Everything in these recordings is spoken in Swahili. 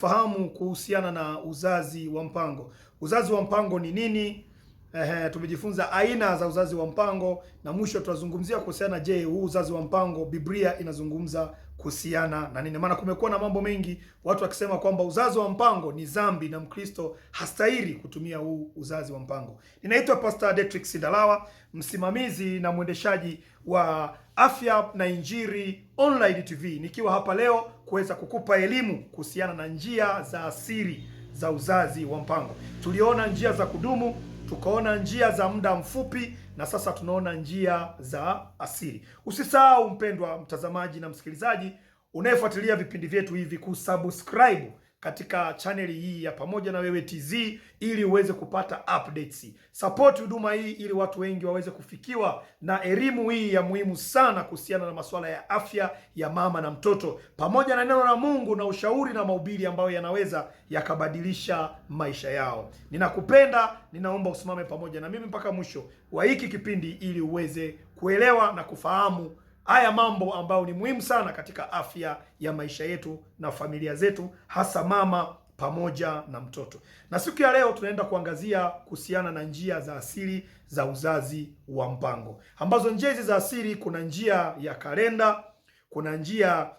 fahamu kuhusiana na uzazi wa mpango. Uzazi wa mpango ni nini? Ehe, tumejifunza aina za uzazi wa mpango na mwisho tutazungumzia kuhusiana, je, huu uzazi wa mpango Biblia inazungumza kuhusiana na nini? Maana kumekuwa na mambo mengi watu wakisema kwamba uzazi wa mpango ni dhambi na Mkristo hastahili kutumia huu uzazi wa mpango. Ninaitwa Pastor Detrix Ndalawa, msimamizi na mwendeshaji wa Afya na Injili Online TV, nikiwa hapa leo kuweza kukupa elimu kuhusiana na njia za asili za uzazi wa mpango. Tuliona njia za kudumu tukaona njia za muda mfupi na sasa tunaona njia za asili. Usisahau mpendwa mtazamaji na msikilizaji unayefuatilia vipindi vyetu hivi kusubscribe katika chaneli hii ya Pamoja na Wewe TZ ili uweze kupata updates. Support huduma hii ili watu wengi waweze kufikiwa na elimu hii ya muhimu sana kuhusiana na masuala ya afya ya mama na mtoto, pamoja na neno la Mungu na ushauri na mahubiri ambayo yanaweza yakabadilisha maisha yao. Ninakupenda, ninaomba usimame pamoja na mimi mpaka mwisho wa hiki kipindi ili uweze kuelewa na kufahamu haya mambo ambayo ni muhimu sana katika afya ya maisha yetu na familia zetu, hasa mama pamoja na mtoto. Na siku ya leo tunaenda kuangazia kuhusiana na njia za asili za uzazi wa mpango, ambazo njia hizi za asili, kuna njia ya kalenda, kuna njia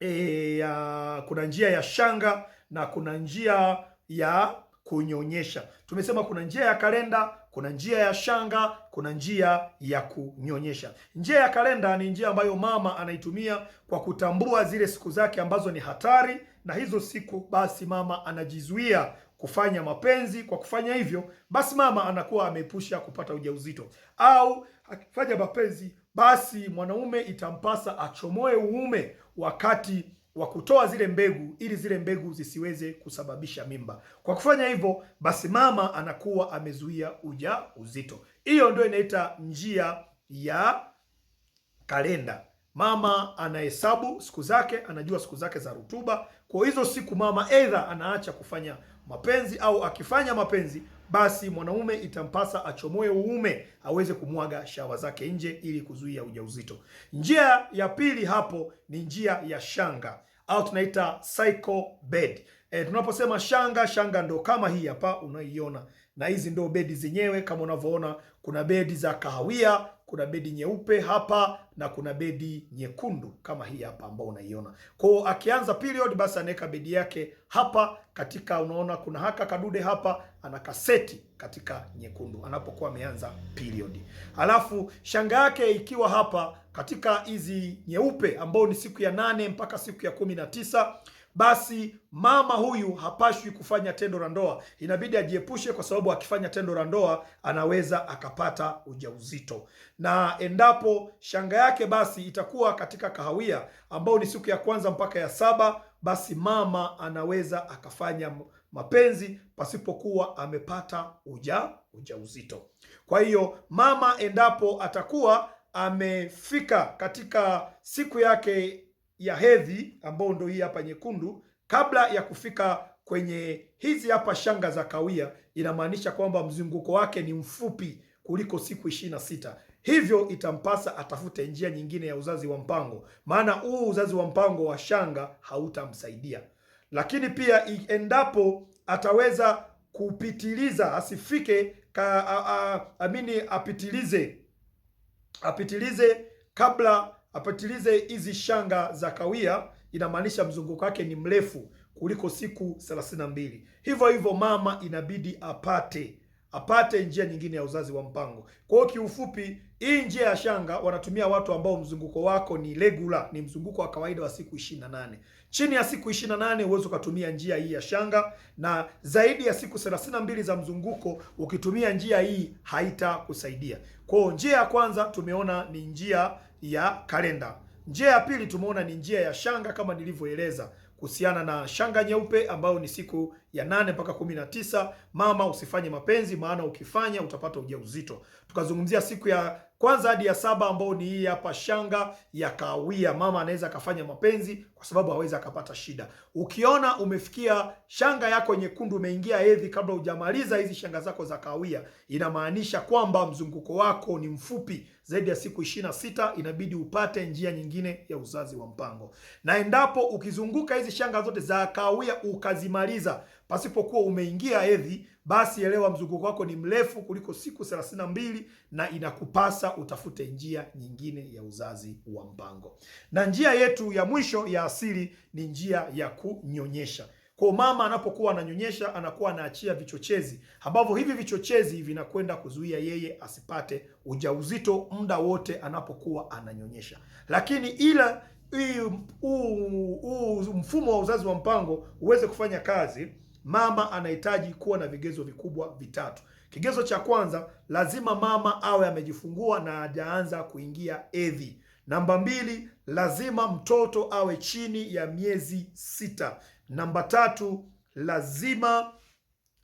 e, ya, kuna njia ya shanga na kuna njia ya kunyonyesha. Tumesema kuna njia ya kalenda kuna njia ya shanga, kuna njia ya kunyonyesha. Njia ya kalenda ni njia ambayo mama anaitumia kwa kutambua zile siku zake ambazo ni hatari, na hizo siku basi mama anajizuia kufanya mapenzi. Kwa kufanya hivyo, basi mama anakuwa ameepusha kupata ujauzito, au akifanya mapenzi, basi mwanaume itampasa achomoe uume wakati wa kutoa zile mbegu ili zile mbegu zisiweze kusababisha mimba. Kwa kufanya hivyo, basi mama anakuwa amezuia uja uzito Hiyo ndio inaita njia ya kalenda. Mama anahesabu siku zake, anajua siku zake za rutuba. Kwa hizo siku mama aidha anaacha kufanya mapenzi au akifanya mapenzi basi mwanaume itampasa achomoe uume aweze kumwaga shawa zake nje ili kuzuia ujauzito. Njia ya pili hapo ni njia ya shanga au tunaita cycle bed. E, tunaposema shanga, shanga ndo kama hii hapa unaiona, na hizi ndo bedi zenyewe kama unavyoona, kuna bedi za kahawia kuna bedi nyeupe hapa na kuna bedi nyekundu kama hii hapa ambao unaiona. Kwa hiyo akianza period, basi anaweka bedi yake hapa katika, unaona kuna haka kadude hapa, anakaseti katika nyekundu anapokuwa ameanza period. Alafu shanga yake ikiwa hapa katika hizi nyeupe, ambao ni siku ya nane mpaka siku ya kumi na tisa basi mama huyu hapashwi kufanya tendo la ndoa, inabidi ajiepushe, kwa sababu akifanya tendo la ndoa anaweza akapata ujauzito, na endapo shanga yake basi itakuwa katika kahawia, ambao ni siku ya kwanza mpaka ya saba, basi mama anaweza akafanya mapenzi pasipokuwa amepata uja ujauzito. Kwa hiyo mama endapo atakuwa amefika katika siku yake ya hedhi ambayo ndio hii hapa nyekundu, kabla ya kufika kwenye hizi hapa shanga za kawia, inamaanisha kwamba mzunguko wake ni mfupi kuliko siku ishirini na sita. Hivyo itampasa atafute njia nyingine ya uzazi wa mpango, maana huu uzazi wa mpango wa shanga hautamsaidia. Lakini pia endapo ataweza kupitiliza, asifike ka, a, a, amini apitilize apitilize kabla apatilize hizi shanga za kawia, inamaanisha mzunguko wake ni mrefu kuliko siku 32 Hivyo hivyo mama inabidi apate apate njia nyingine ya uzazi wa mpango. Kwa hiyo kiufupi, hii njia ya shanga wanatumia watu ambao mzunguko wako ni regular, ni mzunguko wa kawaida wa siku 28 Chini ya siku 28 uweze ukatumia njia hii ya shanga, na zaidi ya siku 32 za mzunguko ukitumia njia hii haitakusaidia. Kwa hiyo njia ya kwanza tumeona ni njia ya kalenda. Njia ya pili tumeona ni njia ya shanga kama nilivyoeleza kuhusiana na shanga nyeupe ambayo ni siku ya nane mpaka kumi na tisa. Mama, usifanye mapenzi, maana ukifanya utapata ujauzito. Tukazungumzia siku ya kwanza hadi ya saba ambao ni hii hapa, shanga ya kahawia. Mama anaweza akafanya mapenzi kwa sababu hawezi akapata shida. Ukiona umefikia shanga yako nyekundu, umeingia hedhi kabla hujamaliza hizi shanga zako za kahawia, inamaanisha kwamba mzunguko wako ni mfupi zaidi ya siku ishirini na sita inabidi upate njia nyingine ya uzazi wa mpango. Na endapo ukizunguka hizi shanga zote za kahawia ukazimaliza pasipokuwa umeingia hedhi, basi elewa mzunguko wako ni mrefu kuliko siku thelathini na mbili na inakupasa utafute njia nyingine ya uzazi wa mpango. Na njia yetu ya mwisho ya asili ni njia ya kunyonyesha. Kwa mama anapokuwa ananyonyesha anakuwa anaachia vichochezi ambavyo hivi vichochezi vinakwenda kuzuia yeye asipate ujauzito muda wote anapokuwa ananyonyesha. Lakini ila huu mfumo wa uzazi wa mpango uweze kufanya kazi, mama anahitaji kuwa na vigezo vikubwa vitatu. Kigezo cha kwanza, lazima mama awe amejifungua na hajaanza kuingia hedhi. Namba mbili, lazima mtoto awe chini ya miezi sita. Namba tatu, lazima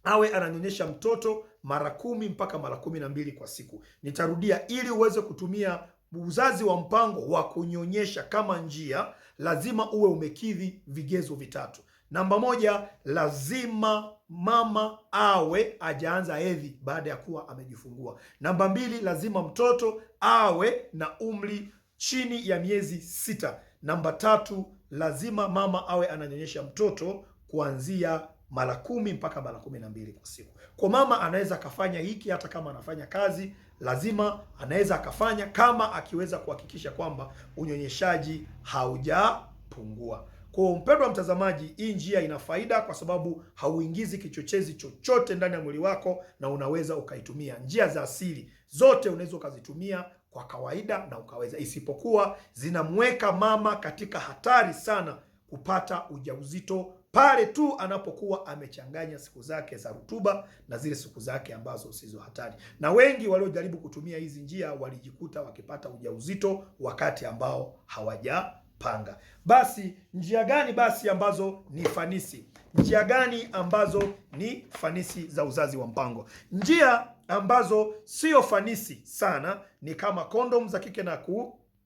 awe ananyonyesha mtoto mara kumi mpaka mara kumi na mbili kwa siku. Nitarudia, ili uweze kutumia uzazi wa mpango wa kunyonyesha kama njia, lazima uwe umekidhi vigezo vitatu. Namba moja, lazima mama awe ajaanza hedhi baada ya kuwa amejifungua. Namba mbili, lazima mtoto awe na umri chini ya miezi sita. Namba tatu, lazima mama awe ananyonyesha mtoto kuanzia mara kumi mpaka mara kumi na mbili kwa siku. Kwa mama anaweza akafanya hiki hata kama anafanya kazi, lazima anaweza akafanya kama akiweza kuhakikisha kwamba unyonyeshaji haujapungua. Kwa mpendwa mtazamaji, hii njia ina faida kwa sababu hauingizi kichochezi chochote ndani ya mwili wako na unaweza ukaitumia. Njia za asili zote unaweza ukazitumia kwa kawaida na ukaweza, isipokuwa zinamweka mama katika hatari sana kupata ujauzito pale tu anapokuwa amechanganya siku zake za rutuba na zile siku zake ambazo sizo hatari. Na wengi waliojaribu kutumia hizi njia walijikuta wakipata ujauzito wakati ambao hawajapanga. Basi njia gani basi ambazo ni fanisi? Njia gani ambazo ni fanisi za uzazi wa mpango? Njia ambazo sio fanisi sana ni kama kondom za kike na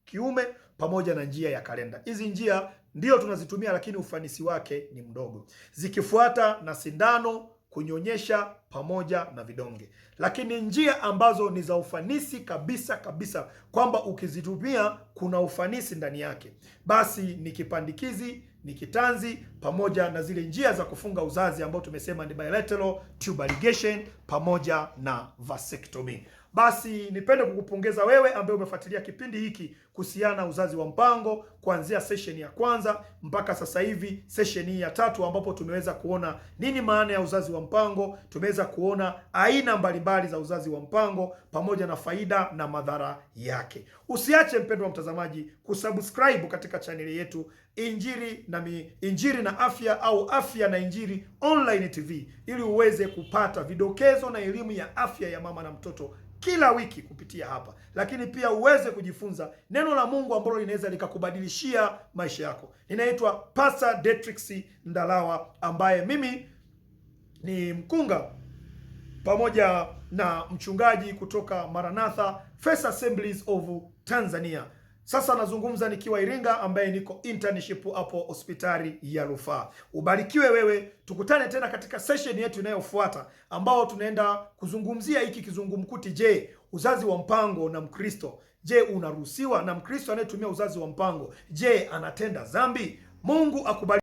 kiume pamoja na njia ya kalenda. Hizi njia ndio tunazitumia, lakini ufanisi wake ni mdogo, zikifuata na sindano, kunyonyesha pamoja na vidonge. Lakini njia ambazo ni za ufanisi kabisa kabisa, kwamba ukizitumia kuna ufanisi ndani yake, basi ni kipandikizi ni kitanzi pamoja na zile njia za kufunga uzazi ambao tumesema ni bilateral tube ligation pamoja na vasectomy. Basi nipende kukupongeza wewe ambaye umefuatilia kipindi hiki kuhusiana uzazi wa mpango kuanzia sesheni ya kwanza mpaka sasa hivi sesheni ya tatu, ambapo tumeweza kuona nini maana ya uzazi wa mpango, tumeweza kuona aina mbalimbali za uzazi wa mpango pamoja na faida na madhara yake. Usiache mpendwa mtazamaji kusubscribe katika chaneli yetu Injili na mi, Injili na Afya au Afya na Injili Online TV ili uweze kupata vidokezo na elimu ya afya ya mama na mtoto kila wiki kupitia hapa, lakini pia uweze kujifunza neno la Mungu ambalo linaweza likakubadilishia maisha yako. Ninaitwa Pasa Detrix Ndalawa, ambaye mimi ni mkunga pamoja na mchungaji kutoka Maranatha First Assemblies of Tanzania. Sasa nazungumza nikiwa Iringa, ambaye niko internship hapo hospitali ya rufaa. Ubarikiwe wewe, tukutane tena katika session yetu inayofuata, ambao tunaenda kuzungumzia hiki kizungumkuti. Je, uzazi wa mpango na Mkristo, je, unaruhusiwa? Na Mkristo anayetumia uzazi wa mpango, je, anatenda dhambi? Mungu akubariki.